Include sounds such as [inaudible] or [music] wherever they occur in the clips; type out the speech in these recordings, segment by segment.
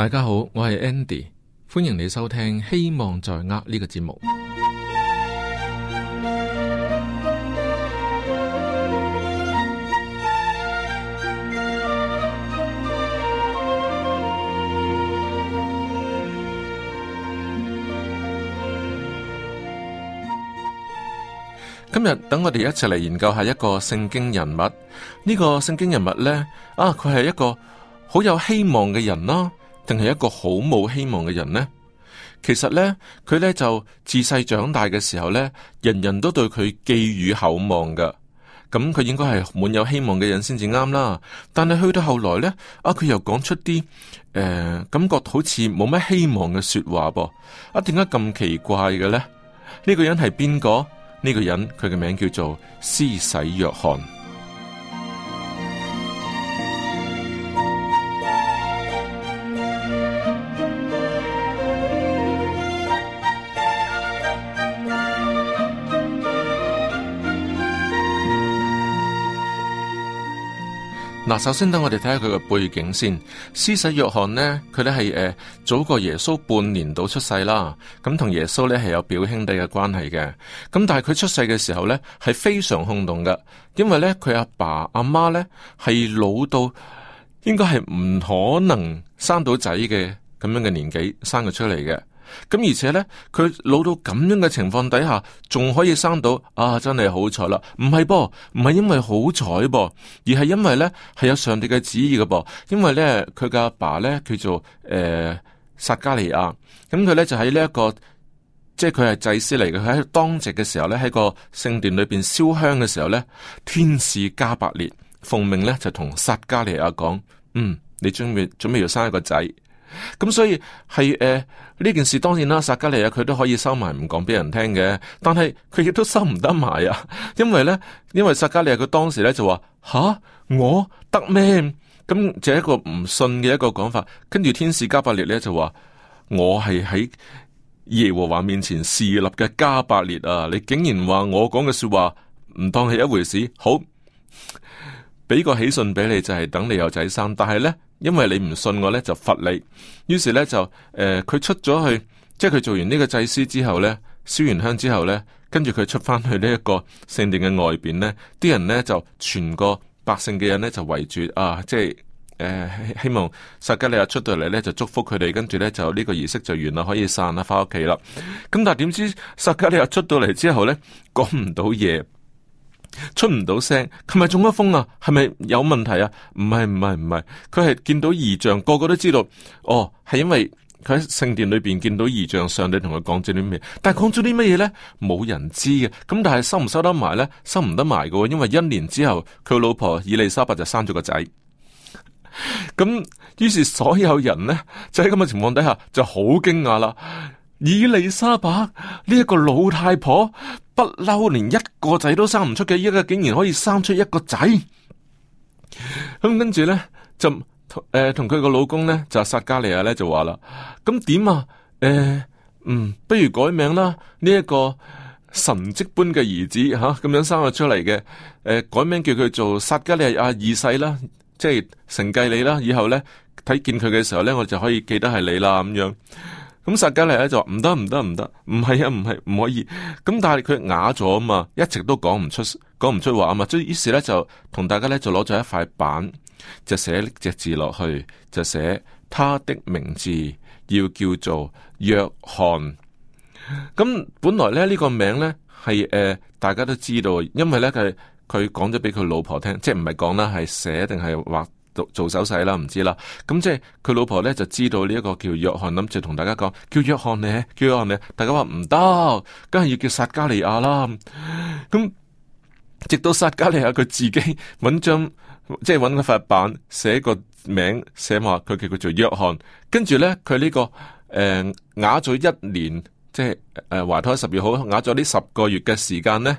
大家好，我係 Andy，歡迎你收聽《希望在握》呢個節目。今日等我哋一齊嚟研究下一個聖經人物。呢個聖經人物呢，啊，佢係一個好有希望嘅人啦。定係一個好冇希望嘅人呢？其實呢，佢呢就自細長大嘅時候呢，人人都對佢寄予厚望噶。咁、嗯、佢應該係滿有希望嘅人先至啱啦。但係去到後來呢，啊佢又講出啲誒、呃，感覺好似冇咩希望嘅說話噃。啊，點解咁奇怪嘅呢？呢、呢個人係邊個？呢、呢個人佢嘅名叫做施洗約翰。嗱，首先等我哋睇下佢嘅背景先。施洗約翰呢，佢咧係誒早過耶穌半年到出世啦。咁同耶穌咧係有表兄弟嘅關係嘅。咁但係佢出世嘅時候咧係非常轟動嘅，因為咧佢阿爸阿媽咧係老到應該係唔可能生到仔嘅咁樣嘅年紀生佢出嚟嘅。咁而且咧，佢老到咁樣嘅情況底下，仲可以生到啊！真係好彩啦，唔係噃，唔係因為好彩噃，而係因為咧係有上帝嘅旨意嘅噃。因為咧，佢嘅阿爸咧叫做誒、呃、撒加利亞，咁佢咧就喺、這個、呢一個即係佢係祭司嚟嘅，佢喺當值嘅時候咧喺個聖殿裏邊燒香嘅時候咧，天使加百列奉命咧就同撒加利亞講：嗯，你準備準備要生一個仔。咁、嗯、所以係誒呢件事當然啦，撒迦利亞佢都可以收埋唔講俾人聽嘅，但係佢亦都收唔得埋啊，因為呢，因為撒迦利亞佢當時呢就話吓，我得咩？咁就、嗯、一個唔信嘅一個講法，跟住天使加百列呢就話，我係喺耶和華面前侍立嘅加百列啊！你竟然說我說話我講嘅說話唔當係一回事，好。俾個喜訊俾你，就係、是、等你有仔生。但係呢，因為你唔信我呢，就罰你。於是呢，就，誒、呃，佢出咗去，即係佢做完呢個祭司之後呢，燒完香之後呢，跟住佢出翻去呢一個聖殿嘅外邊呢，啲人呢就全個百姓嘅人呢就圍住啊，即係、呃、希望撒迦利亞出到嚟呢，就祝福佢哋，跟住呢，就呢個儀式就完啦，可以散啦，翻屋企啦。咁但係點知撒迦利亞出到嚟之後呢，講唔到嘢。出唔到聲，係咪中咗風啊？係咪有問題啊？唔係唔係唔係，佢係見到異象，個個都知道。哦，係因為佢喺聖殿裏邊見到異象，上帝同佢講咗啲咩？但係講咗啲乜嘢呢？冇人知嘅。咁但係收唔收得埋呢？收唔得埋㗎，因為一年之後佢老婆以利沙伯就生咗個仔。咁 [laughs] 於是所有人呢，就喺咁嘅情況底下，就好驚訝啦。以利沙伯呢一個老太婆不嬲，連一個仔都生唔出嘅，依家竟然可以生出一個仔。咁、 [laughs] 嗯、跟住咧就誒，同佢個老公咧就撒加利亞咧就話啦：咁點啊？誒，嗯，不如改名啦。呢一個神迹般嘅兒子吓咁樣生咗出嚟嘅，誒、呃，改名叫佢做撒加利亞二世啦，啊，即係承繼你啦。以後咧睇見佢嘅時候咧，我就可以記得係你啦咁樣。咁撒迦利咧就話唔得唔得唔得，唔係啊唔係唔可以。咁但係佢啞咗啊嘛，一直都講唔出講唔出話啊嘛。所以於是咧就同大家咧就攞咗一塊板，就寫隻字落去，就寫他的名字要叫做約翰。咁本來咧呢，呢個名咧係誒大家都知道，因為咧佢佢講咗俾佢老婆聽，即係唔係講啦，係寫定係畫。做做手勢啦，唔知啦，咁、嗯、即係佢老婆咧就知道呢一個叫約翰，諗住同大家講，叫約翰咧，叫約翰咧，大家話唔得，梗係要叫撒加利亞啦。咁、嗯、直到撒加利亞佢自己揾張，即係揾個法板寫個名，寫話佢叫佢做約翰。跟住咧，佢呢、這個誒啞咗一年，即係誒懷胎十月好，啞咗呢十個月嘅時間咧。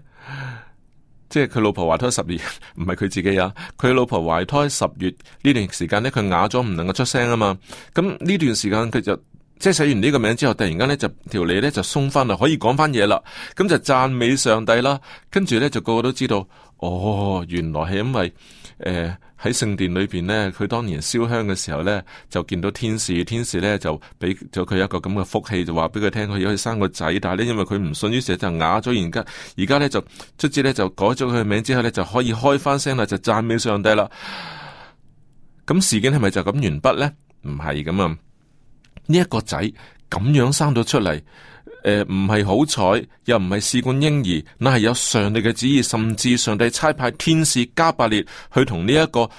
即係佢老婆懷胎十月，唔係佢自己啊！佢老婆懷胎十月呢段時間咧，佢啞咗唔能夠出聲啊嘛！咁呢段時間佢就即係寫完呢個名之後，突然間咧就條脷，咧就鬆翻啦，可以講翻嘢，啦！咁就讚美上帝啦，跟住咧就個個都知道，哦，原來係因為誒。呃喺聖殿裏邊呢，佢當年燒香嘅時候呢，就見到天使，天使呢就俾咗佢一個咁嘅福氣，就話俾佢聽佢可以生個仔，但係呢，因為佢唔信，於是就啞咗。而家而家呢，就卒之呢，就改咗佢嘅名之後呢，就可以開翻聲啦，就讚美上帝啦。咁事件係咪就咁完畢呢？唔係咁啊！呢一個仔咁樣生咗出嚟。誒，唔係好彩，又唔係試管嬰兒，那係有上帝嘅旨意，甚至上帝差派天使加百列去同呢一個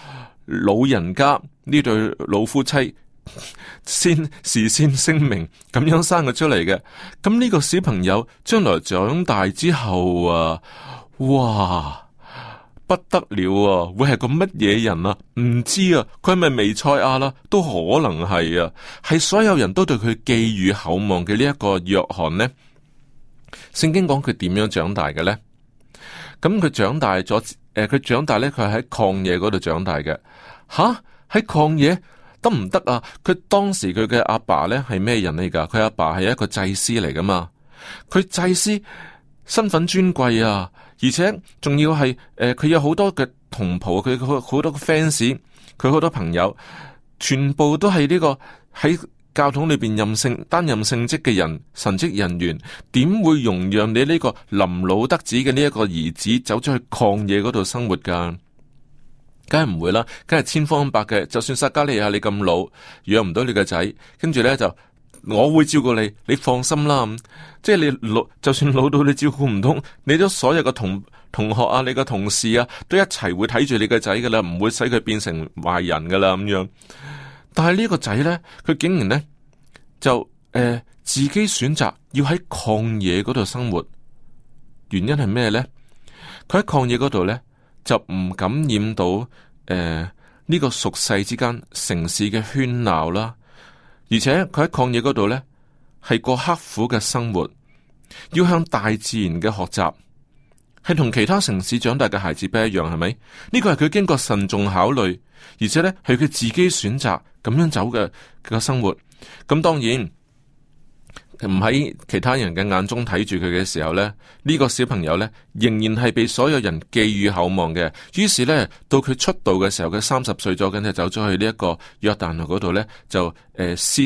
老人家呢，對老夫妻先事先聲明，咁樣生佢出嚟嘅。咁呢個小朋友將來長大之後啊，哇！不得了啊！會係個乜嘢人啊？唔知啊，佢係咪彌賽亞啦？都可能係啊，係所有人都對佢寄予厚望嘅呢一個約翰呢？聖經講佢點樣長大嘅呢？咁、嗯、佢長大咗，誒、呃，佢長大咧，佢係喺曠野嗰度長大嘅。吓，喺曠野得唔得啊？佢、啊、當時佢嘅阿爸咧係咩人嚟噶？佢阿爸係一個祭司嚟噶嘛。佢祭司身份尊貴啊！而且仲要係誒，佢、呃、有好多嘅同袍，佢佢好多 fans，佢好多朋友，全部都係呢、這個喺教堂裏邊任性擔任聖職嘅人，神職人員點會容讓你呢個臨老得子嘅呢一個兒子走出去曠野嗰度生活噶？梗係唔會啦，梗係千方百計。就算撒加利亞你咁老，養唔到你個仔，跟住呢就。我會照顧你，你放心啦。即係你老，就算老到你照顧唔通，你都所有嘅同同學啊，你嘅同事啊，都一齊會睇住你個仔噶啦，唔會使佢變成壞人噶啦咁樣。但係呢個仔呢，佢竟然呢，就誒、呃、自己選擇要喺曠野嗰度生活，原因係咩呢？佢喺曠野嗰度呢，就唔感染到誒呢、呃這個俗世之間城市嘅喧鬧啦。而且佢喺曠野嗰度呢，係過刻苦嘅生活，要向大自然嘅學習，係同其他城市長大嘅孩子不一樣，係咪？呢個係佢經過慎重考慮，而且呢，係佢自己選擇咁樣走嘅嘅生活。咁當然。唔喺其他人嘅眼中睇住佢嘅時候呢，呢、這個小朋友呢，仍然係被所有人寄予厚望嘅。於是呢，到佢出道嘅時候，佢三十歲左近，就走咗去呢一個約旦河嗰度呢，就誒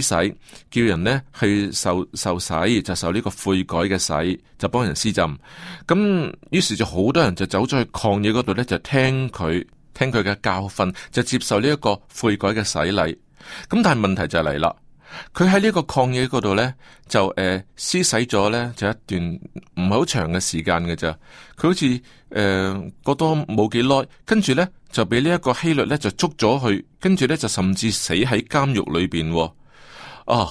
施、呃、洗，叫人呢去受受洗，就受呢個悔改嘅洗，就幫人施浸。咁於是就好多人就走咗去曠野嗰度呢，就聽佢聽佢嘅教訓，就接受呢一個悔改嘅洗禮。咁但係問題就嚟啦。佢喺呢個曠野嗰度呢，就誒施、呃、洗咗呢，就一段唔係好長嘅時間嘅咋，佢好似誒過多冇幾耐，跟住呢，就俾呢一個希律呢，就捉咗去，跟住呢，就甚至死喺監獄裏邊。哦，啊、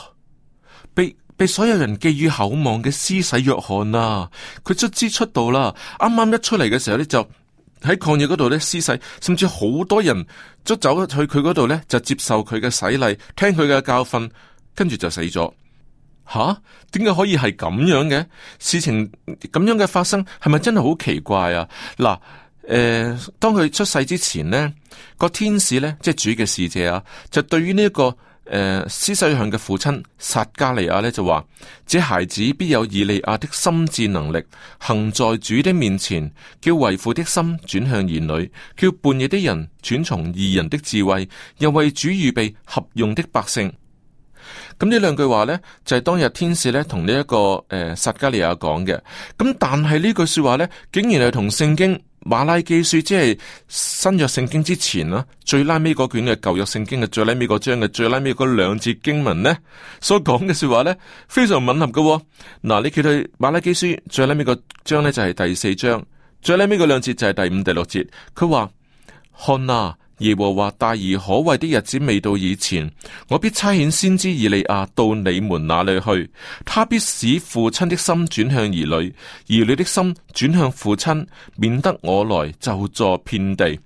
被被所有人寄予厚望嘅施洗約翰啊，佢卒之出道啦，啱啱一出嚟嘅時候呢，就。喺曠野嗰度咧，施洗，甚至好多人都走去佢嗰度咧，就接受佢嘅洗禮，聽佢嘅教訓，跟住就死咗。吓、啊，點解可以係咁樣嘅？事情咁樣嘅發生，係咪真係好奇怪啊？嗱、啊，誒、呃，當佢出世之前呢，個天使咧，即、就、係、是、主嘅使者啊，就對於呢一個。誒，施世、呃、向嘅父親撒加利亞呢，就話：這孩子必有以利亞的心智能力，行在主的面前，叫為父的心轉向兒女，叫半夜的人轉從義人的智慧，又為主預備合用的百姓。咁呢兩句話呢，就係、是、當日天使呢同呢一個誒撒、呃、加利亞講嘅。咁但係呢句說話呢，竟然係同聖經。馬拉基書即係新約聖經之前啦，最拉尾嗰卷嘅舊約聖經嘅最拉尾嗰章嘅最拉尾嗰兩節經文咧，所講嘅說話咧，非常吻合㗎喎。嗱，你見到馬拉基書最拉尾嗰章咧就係第四章，最拉尾嗰兩節就係第五、第六節，佢話看哪。耶和華大而可畏的日子未到以前，我必差遣先知以利亞到你們那裏去，他必使父親的心轉向兒女，兒女的心轉向父親，免得我來咒詛遍地。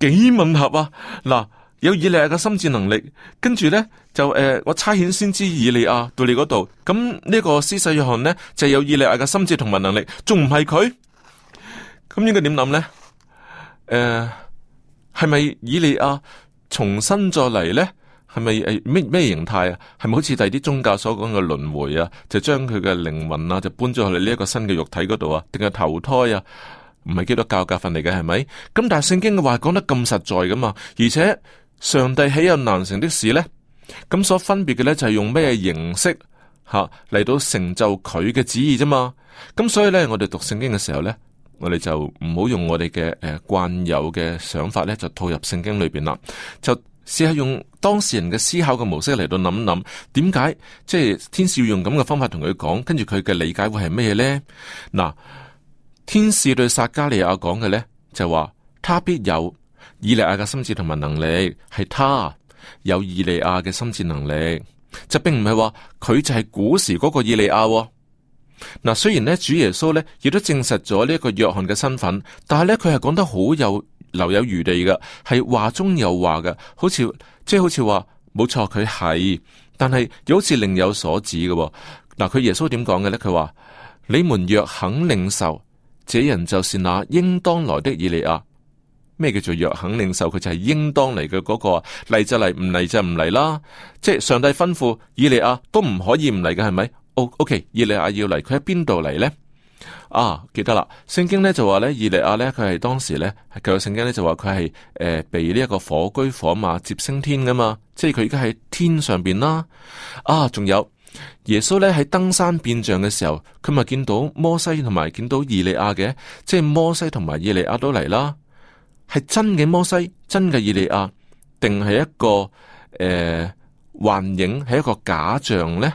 幾吻 [laughs] 合啊！嗱，有以利亞嘅心智能力，跟住呢，就誒、呃，我差遣先知以利亞到你嗰度，咁呢個施洗約翰呢，就有以利亞嘅心智同埋能力，仲唔係佢？咁應該點諗呢？誒，係咪、呃、以利亞重新再嚟呢？係咪誒咩咩形態啊？係咪好似第二啲宗教所講嘅輪回啊？就將佢嘅靈魂啊，就搬咗去嚟呢一個新嘅肉體嗰度啊？定係投胎啊？唔係基督教教訓嚟嘅係咪？咁但係聖經嘅話講得咁實在噶嘛？而且上帝豈有難成的事呢，咁所分別嘅呢，就係、是、用咩形式吓嚟、啊、到成就佢嘅旨意啫嘛？咁所以呢，我哋讀聖經嘅時候呢。我哋就唔好用我哋嘅誒慣有嘅想法咧，就套入聖經裏邊啦。就試下用當事人嘅思考嘅模式嚟到諗諗，點解即係天使要用咁嘅方法同佢講，跟住佢嘅理解會係咩咧？嗱，天使對撒加利亞講嘅咧，就話他必有以利亞嘅心智同埋能力，係他有以利亞嘅心智能力，就並唔係話佢就係古時嗰個以利亞哦。嗱，雖然咧主耶穌咧亦都證實咗呢一個約翰嘅身份，但係咧佢係講得好有留有餘地嘅，係話中有話嘅，好似即係好似話冇錯佢係，但係又好似另有所指嘅。嗱，佢耶穌點講嘅咧？佢話你們若肯領受，這人就是那應當來的以利亞。咩叫做若肯領受？佢就係應當嚟嘅嗰個嚟就嚟，唔嚟就唔嚟啦。即係上帝吩咐以利亞都唔可以唔嚟嘅，係咪？O，O，K。Okay, 以利亞要嚟，佢喺邊度嚟呢？啊，記得啦，聖經咧就話咧，以利亞咧佢係當時咧，舊嘅聖經咧就話佢係誒被呢一個火駒火馬接升天噶嘛，即係佢而家喺天上邊啦。啊，仲有耶穌咧喺登山變像嘅時候，佢咪見到摩西同埋見到以利亞嘅，即係摩西同埋以利亞都嚟啦。係真嘅摩西，真嘅以利亞，定係一個誒、呃、幻影，係一個假象呢？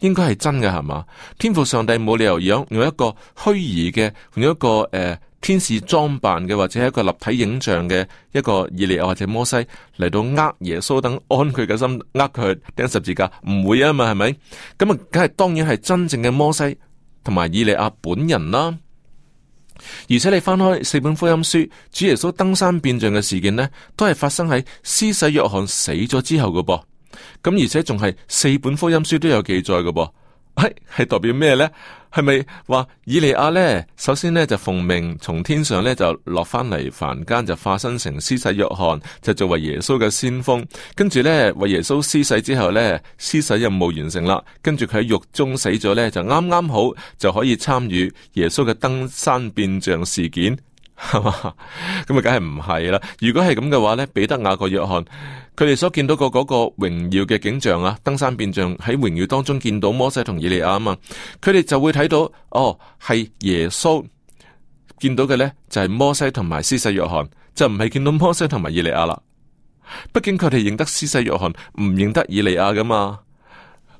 應該係真嘅係嘛？天父上帝冇理由用用一個虛擬嘅，用一個誒、呃、天使裝扮嘅，或者係一個立體影像嘅一個以利亞或者摩西嚟到呃，耶穌等安佢嘅心，呃佢釘十字架，唔會啊嘛，係咪？咁啊，梗係當然係真正嘅摩西同埋以利亞本人啦。而且你翻開四本福音書，主耶穌登山變像嘅事件呢，都係發生喺施洗約翰死咗之後嘅噃。咁而且仲係四本福音書都有記載嘅，係、哎、係代表咩呢？係咪話以利亞呢？首先呢，就奉命從天上呢，就落翻嚟凡間就化身成施洗約翰，就作為耶穌嘅先鋒。跟住呢，為耶穌施洗之後呢，施洗任務完成啦。跟住佢喺獄中死咗呢，就啱啱好就可以參與耶穌嘅登山變像事件。咁啊，梗係唔係啦！如果係咁嘅話呢，彼得、雅各、約翰，佢哋所見到個嗰個榮耀嘅景象啊，登山變像，喺榮耀當中見到摩西同以利亞啊嘛，佢哋就會睇到哦，係耶穌見到嘅呢，就係摩西同埋施洗約翰，就唔係見到摩西同埋以利亞啦。畢竟佢哋認得施洗約翰，唔認得以利亞噶嘛。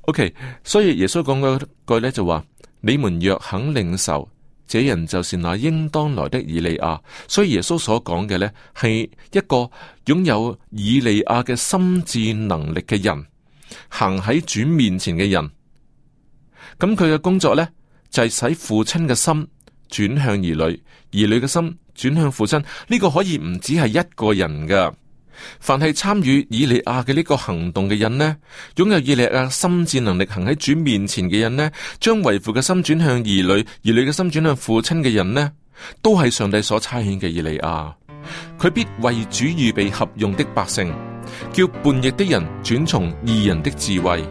OK，所以耶穌講嗰句呢，就話：你們若肯領受。這人就是那應當來的以利亞，所以耶穌所講嘅呢，係一個擁有以利亞嘅心智能力嘅人，行喺主面前嘅人。咁佢嘅工作呢，就係使父親嘅心轉向兒女，兒女嘅心轉向父親。呢、這個可以唔止係一個人㗎。凡係參與以利亞嘅呢個行動嘅人呢，擁有以利亞心志能力行喺主面前嘅人呢，將為父嘅心轉向兒女，兒女嘅心轉向父親嘅人呢，都係上帝所差遣嘅以利亞，佢必為主預備合用的百姓，叫叛逆的人轉從義人的智慧。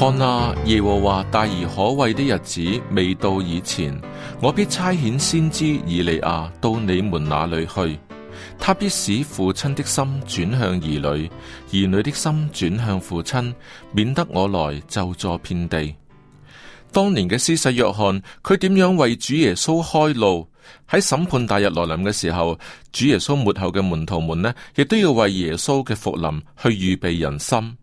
看啊，耶和華大而可畏的日子未到以前，我必差遣先知以利亞到你們那裏去。他必使父親的心轉向兒女，兒女的心轉向父親，免得我來咒詛遍地。當年嘅施洗約翰，佢點樣為主耶穌開路？喺審判大日來臨嘅時候，主耶穌末後嘅門徒們呢，亦都要為耶穌嘅復臨去預備人心。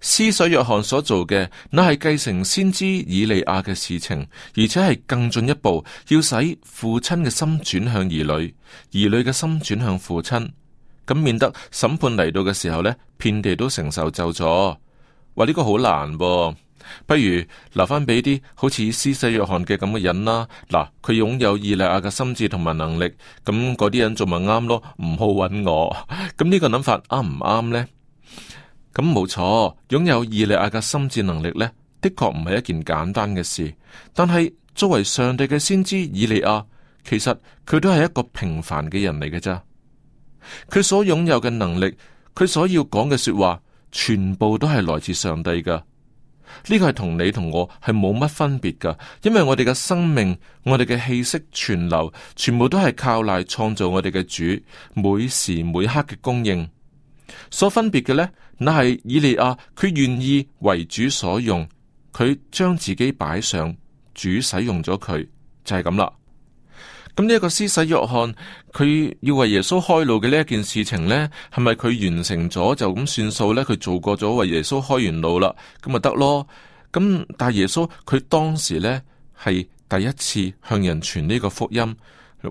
施洗約翰所做嘅，那係繼承先知以利亞嘅事情，而且係更進一步，要使父親嘅心轉向兒女，兒女嘅心轉向父親，咁免得審判嚟到嘅時候呢，遍地都承受咒詛。話呢個好難喎，不如留翻俾啲好似施洗約翰嘅咁嘅人啦。嗱，佢擁有以利亞嘅心智同埋能力，咁嗰啲人仲咪啱咯，唔好搵我。咁呢個諗法啱唔啱呢？咁冇錯，擁有以利亞嘅心智能力呢，的確唔係一件簡單嘅事。但係作為上帝嘅先知以利亞，其實佢都係一個平凡嘅人嚟嘅咋。佢所擁有嘅能力，佢所要講嘅說話，全部都係來自上帝㗎。呢個係同你同我係冇乜分別㗎，因為我哋嘅生命，我哋嘅氣息存留，全部都係靠賴創造我哋嘅主每時每刻嘅供應。所分別嘅呢，那係以利亞佢願意為主所用，佢將自己擺上主使用咗佢，就係咁啦。咁呢一個施洗約翰佢要為耶穌開路嘅呢一件事情呢，係咪佢完成咗就咁算數呢？佢做過咗為耶穌開完路啦，咁咪得咯？咁但耶穌佢當時呢，係第一次向人傳呢個福音，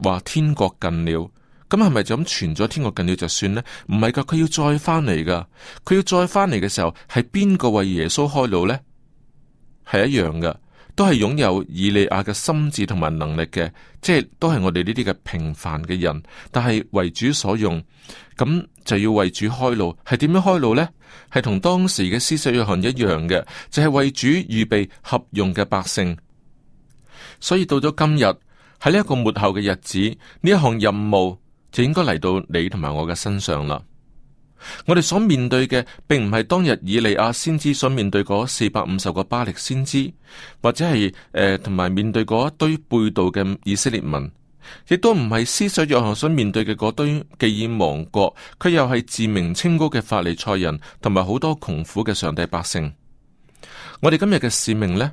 話天國近了。咁係咪就咁傳咗天國近了就算呢？唔係噶，佢要再返嚟噶，佢要再返嚟嘅時候係邊個為耶穌開路呢？係一樣噶，都係擁有以利亞嘅心智同埋能力嘅，即係都係我哋呢啲嘅平凡嘅人，但係為主所用，咁就要為主開路，係點樣開路呢？係同當時嘅施洗約翰一樣嘅，就係為主預備合用嘅百姓。所以到咗今日喺呢一個末後嘅日子，呢一項任務。就應該嚟到你同埋我嘅身上啦。我哋所面對嘅，並唔係當日以利亞先知所面對嗰四百五十個巴力先知，或者係誒同埋面對嗰一堆背道嘅以色列民，亦都唔係施洗約翰所面對嘅嗰堆既已亡國，佢又係自命清高嘅法利賽人，同埋好多窮苦嘅上帝百姓。我哋今日嘅使命呢，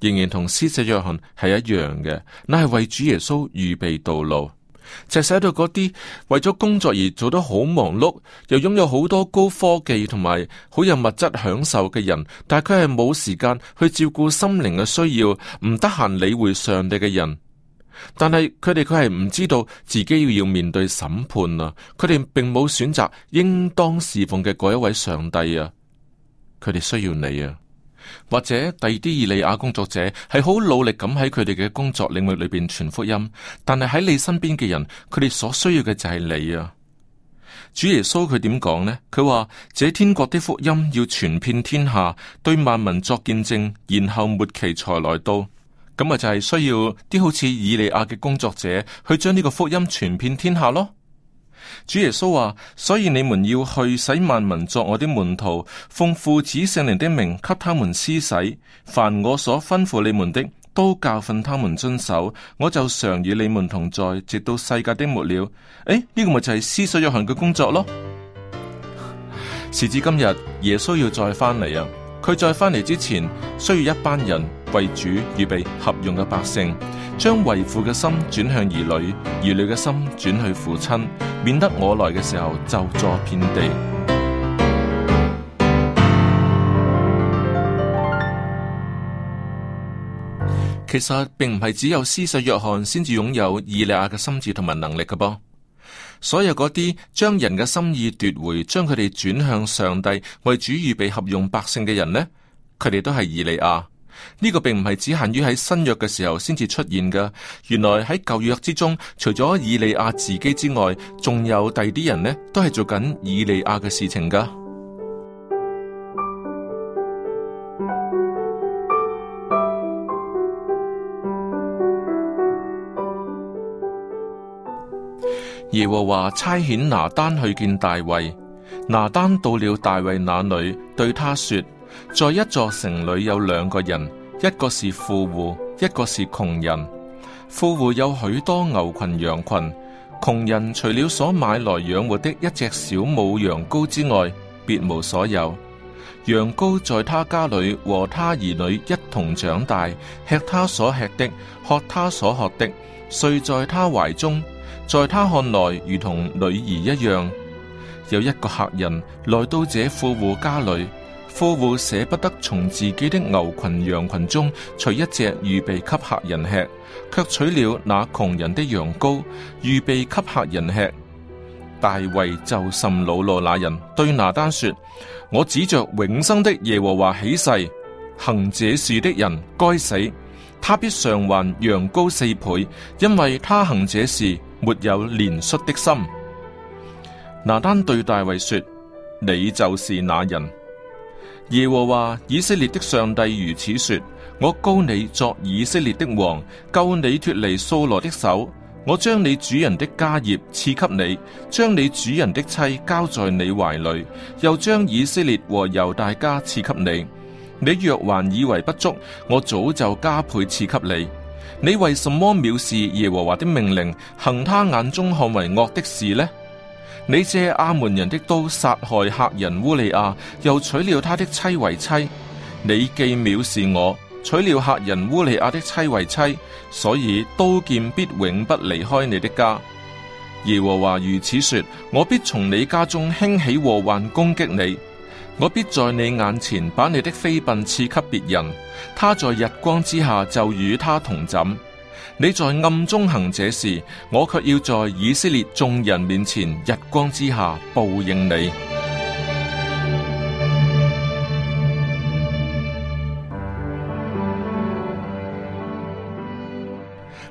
仍然同施洗約翰係一樣嘅，乃係為主耶穌預備道路。就使到嗰啲為咗工作而做得好忙碌，又擁有好多高科技同埋好有物質享受嘅人，但係佢係冇時間去照顧心靈嘅需要，唔得閒理會上帝嘅人。但係佢哋佢係唔知道自己要要面對審判啊！佢哋並冇選擇應當事奉嘅嗰一位上帝啊！佢哋需要你啊！或者第二啲以利亞工作者係好努力咁喺佢哋嘅工作領域裏邊傳福音，但係喺你身邊嘅人，佢哋所需要嘅就係你啊！主耶穌佢點講呢？佢話：這天國的福音要傳遍天下，對萬民作見證，然後末期才來到。咁咪就係需要啲好似以利亞嘅工作者去將呢個福音傳遍天下咯。主耶穌話：所以你們要去使萬民作我的門徒，奉父子聖靈的名給他們施洗，凡我所吩咐你們的，都教訓他們遵守。我就常與你們同在，直到世界的末了。誒，呢、這個咪就係施洗約翰嘅工作咯。 [laughs] 時至今日，耶穌要再翻嚟啊！佢再翻嚟之前，需要一班人為主預備合用嘅百姓。將為父嘅心轉向兒女，兒女嘅心轉去父親，免得我來嘅時候就坐遍地。 [music] 其實並唔係只有施洗約翰先至擁有以利亞嘅心智同埋能力嘅噃。所有嗰啲將人嘅心意奪回，將佢哋轉向上帝為主預備合用百姓嘅人呢，佢哋都係以利亞。呢個並唔係只限於喺新約嘅時候先至出現㗎，原來喺舊約之中，除咗以利亞自己之外，仲有第二啲人呢，都係做緊以利亞嘅事情㗎。耶和華差遣拿單去見大衛，拿單到了大衛那裏，對他說。在一座城裏有兩個人，一個是富戶，一個是窮人。富戶有許多牛群羊群，窮人除了所買來養活的一隻小母羊羔之外，別無所有。羊羔在他家裏和他兒女一同長大，吃他所吃的，喝他所喝的，睡在他懷中，在他看來如同女兒一樣。有一個客人來到這富戶家裏。夫婦捨不得從自己的牛群羊群中取一隻預備給客人吃，卻取了那窮人的羊羔預備給客人吃。大衛就甚惱怒那人，對拿單說：我指着永生的耶和華起誓，行這事的人該死，他必償還羊羔，羔四倍，因為他行這事沒有憐恤的心。拿單對大衛說：你就是那人。耶和華以色列的上帝如此說：我膏你作以色列的王，救你脱離掃羅的手。我將你主人的家業賜給你，將你主人的妻交在你懷裏，又將以色列和猶大家賜給你。你若還以為不足，我早就加倍賜給你。你為什麼藐視耶和華的命令，行他眼中看為惡的事呢？你借阿門人的刀殺害客人烏利亞，又娶了他的妻為妻。你既藐視我，娶了客人烏利亞的妻為妻，所以刀劍必永不離開你的家。耶和華如此說：我必從你家中興起禍患攻擊你，我必在你眼前把你的妃嬪賜給別人，他在日光之下就與他同枕。你在暗中行這事，我卻要在以色列眾人面前日光之下報應你。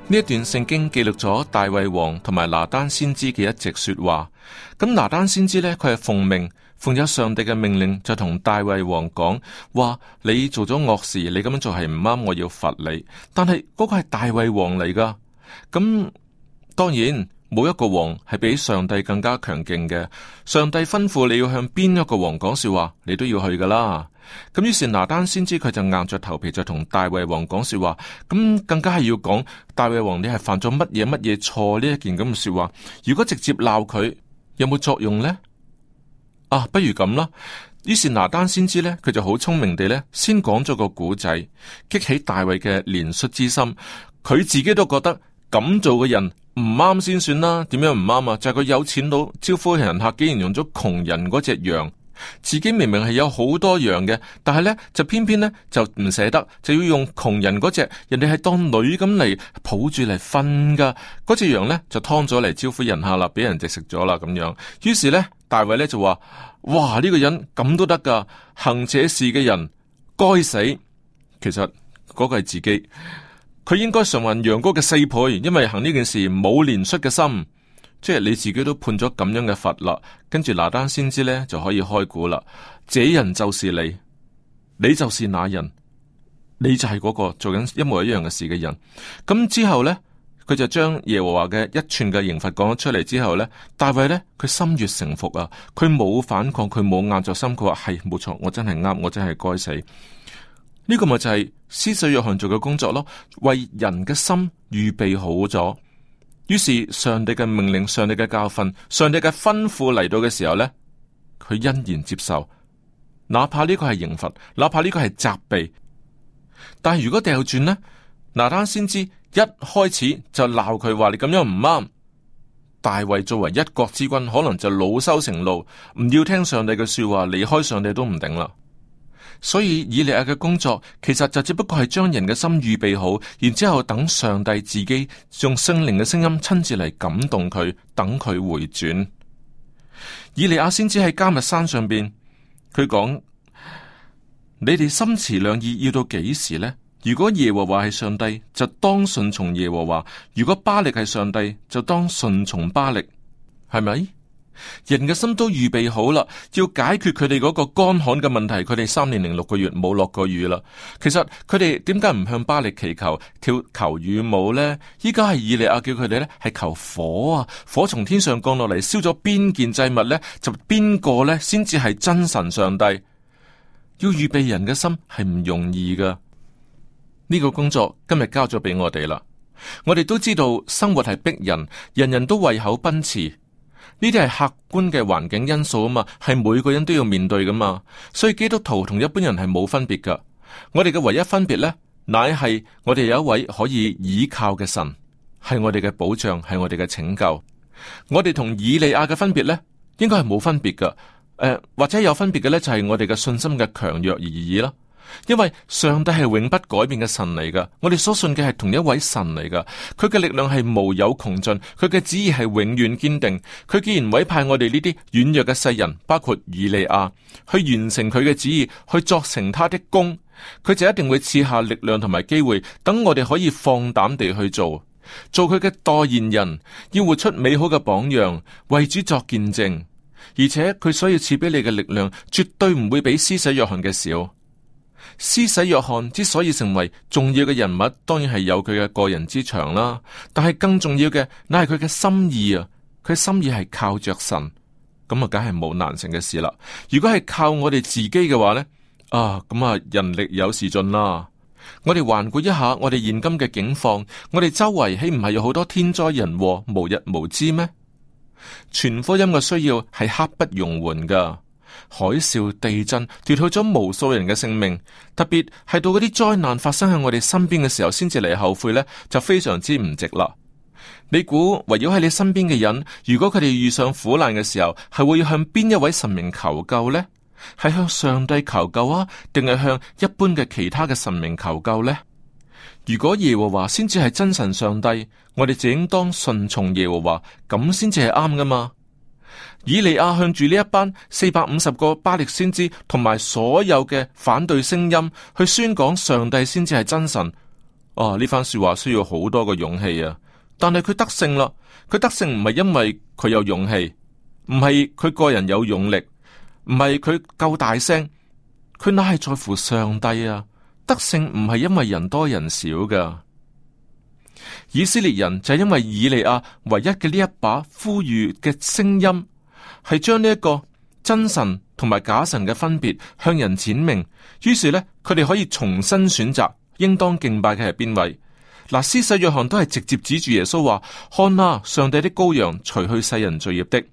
呢 [music] 一段聖經記錄咗大衛王同埋拿單先知嘅一席說話。咁拿單先知呢，佢係奉命。奉咗上帝嘅命令，就同大衛王講話：你做咗惡事，你咁樣做係唔啱，我要罰你。但係嗰個係大衛王嚟噶，咁、嗯、當然冇一個王係比上帝更加強勁嘅。上帝吩咐你要向邊一個王講說話，你都要去噶啦。咁、嗯、於是拿單先知佢就硬着頭皮就同大衛王講說話，咁、嗯、更加係要講大衛王你係犯咗乜嘢乜嘢錯呢一件咁嘅說話。如果直接鬧佢，有冇作用咧？啊，不如咁啦。於是拿單先知咧，佢就好聰明地咧，先講咗個古仔，激起大衛嘅憐恤之心。佢自己都覺得咁做嘅人唔啱先算啦。點樣唔啱啊？就係佢有錢佬招呼人客，竟然用咗窮人隻羊。自己明明係有好多羊嘅，但係咧就偏偏咧就唔捨得，就要用窮人嗰隻，人哋係當女咁嚟抱住嚟瞓噶，嗰隻羊咧就劏咗嚟招呼人客啦，俾人哋食咗啦咁樣。於是咧大衛咧就話：哇呢個人咁都得噶？行這事嘅人該死。其實嗰個係自己，佢應該償還羊羔嘅四倍，因為行呢件事冇憐恤嘅心。即係你自己都判咗咁樣嘅罰，跟住拿單先知咧就可以開估啦。這人就是你，你就是那人，你就係嗰、那個做緊一模一樣嘅事嘅人。咁之後咧，佢就將耶和華嘅一串嘅刑罰講咗出嚟之後咧，大衛咧佢心悅誠服啊，佢冇反抗，佢冇硬著心，佢話係冇錯，我真係啱，我真係該死。呢、這個咪就係施洗約翰做嘅工作咯，為人嘅心預備好咗。於是上帝嘅命令、上帝嘅教訓、上帝嘅吩咐嚟到嘅時候呢，佢欣然接受，哪怕呢個係刑罰，哪怕呢個係責備。但係如果掉轉呢，拿單先知一開始就鬧佢話你咁樣唔啱，大衛作為一國之君，可能就惱羞成怒，唔要聽上帝嘅說話，離開上帝都唔定啦。所以以利亞嘅工作，其實就只不過係將人嘅心預備好，然之後等上帝自己用聖靈嘅聲音親自嚟感動佢，等佢回轉。以利亞先知喺迦密山上邊，佢講：你哋心持兩意，要到幾時呢？如果耶和華係上帝，就當順從耶和華；如果巴力係上帝，就當順從巴力，係咪？人嘅心都預備好啦，要解決佢哋嗰個乾旱嘅問題。佢哋三年零六個月冇落過雨啦。其實佢哋點解唔向巴力祈求跳求雨舞呢？依家係以利亞叫佢哋呢係求火啊！火從天上降落嚟，燒咗邊件祭物呢？就邊個呢？先至係真神上帝。要預備人嘅心係唔容易噶，呢個工作今日交咗俾我哋啦。我哋都知道生活係逼人，人人都胃口奔馳。呢啲係客觀嘅環境因素啊嘛，係每個人都要面對噶嘛，所以基督徒同一般人係冇分別噶。我哋嘅唯一分別呢，乃係我哋有一位可以倚靠嘅神，係我哋嘅保障，係我哋嘅拯救。我哋同以利亞嘅分別呢，應該係冇分別噶。誒、呃，或者有分別嘅呢，就係我哋嘅信心嘅強弱而已啦。因為上帝係永不改變嘅神嚟噶，我哋所信嘅係同一位神嚟噶。佢嘅力量係無有窮盡，佢嘅旨意係永遠堅定。佢既然委派我哋呢啲軟弱嘅世人，包括以利亞，去完成佢嘅旨意，去作成他的功，佢就一定會賜下力量同埋機會，等我哋可以放膽地去做，做佢嘅代言人，要活出美好嘅榜樣，為主作見證。而且佢所要賜俾你嘅力量，絕對唔會比施洗約翰嘅少。施洗約翰之所以成為重要嘅人物，當然係有佢嘅個人之長啦。但係更重要嘅，乃係佢嘅心意啊！佢心意係靠着神，咁啊，梗係冇難成嘅事啦。如果係靠我哋自己嘅話呢，啊，咁啊，人力有時盡啦。我哋環顧一下我哋現今嘅境況，我哋周圍豈唔係有好多天災人禍，無日無之咩？傳福音嘅需要係刻不容緩噶。海嘯、地震奪去咗無數人嘅性命，特別係到嗰啲災難發生喺我哋身邊嘅時候，先至嚟後悔呢，就非常之唔值啦。你估圍繞喺你身邊嘅人，如果佢哋遇上苦難嘅時候，係會向邊一位神明求救呢？係向上帝求救啊，定係向一般嘅其他嘅神明求救呢？如果耶和華先至係真神上帝，我哋就應當順從耶和華，咁先至係啱噶嘛？以利亞向住呢一班四百五十個巴力先知同埋所有嘅反對聲音去宣講上帝先至係真神。哦，呢番說話需要好多個勇氣啊！但係佢得勝啦，佢得勝唔係因為佢有勇氣，唔係佢個人有勇力，唔係佢夠大聲，佢乃係在乎上帝啊！得勝唔係因為人多人少噶，以色列人就係因為以利亞唯一嘅呢一把呼籲嘅聲音。係將呢一個真神同埋假神嘅分別向人展明，於是呢，佢哋可以重新選擇，應當敬拜嘅係邊位。嗱，施洗約翰都係直接指住耶穌話：看啦，啊，上帝的羔羊，除去世人罪孽的。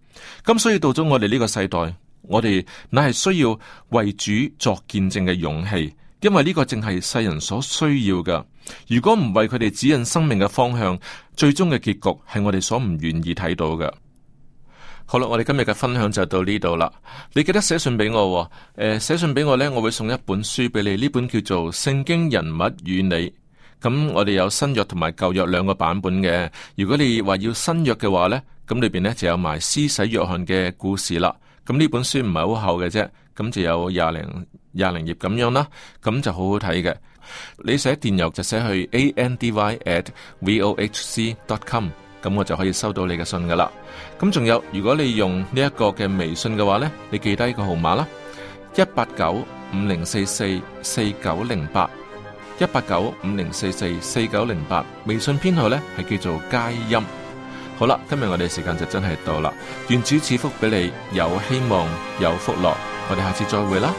咁所以到咗我哋呢個世代，我哋乃係需要為主作見證嘅勇氣，因為呢個正係世人所需要嘅。如果唔為佢哋指引生命嘅方向，最終嘅結局係我哋所唔願意睇到嘅。好啦，我哋今日嘅分享就到呢度啦。你記得寫信俾我，哦，誒、呃，寫信俾我呢，我會送一本書俾你。呢本叫做《聖經人物與你》。咁、嗯、我哋有新約同埋舊約兩個版本嘅。如果你話要新約嘅話面呢，咁裏邊呢就有埋施洗約翰嘅故事啦。咁、嗯、呢本書唔係好厚嘅啫，咁就有廿零廿零頁咁樣啦。咁就好好睇嘅。你寫電郵就寫去 a n d y at v o h c dot com。咁我就可以收到你嘅信噶啦。咁仲有，如果你用呢一個嘅微信嘅話呢，你記得呢個號碼啦，一八九五零四四四九零八，一八九五零四四四九零八。微信編號呢係叫做佳音。好啦，今日我哋時間就真係到啦。願主賜福俾你，有希望，有福樂。我哋下次再會啦。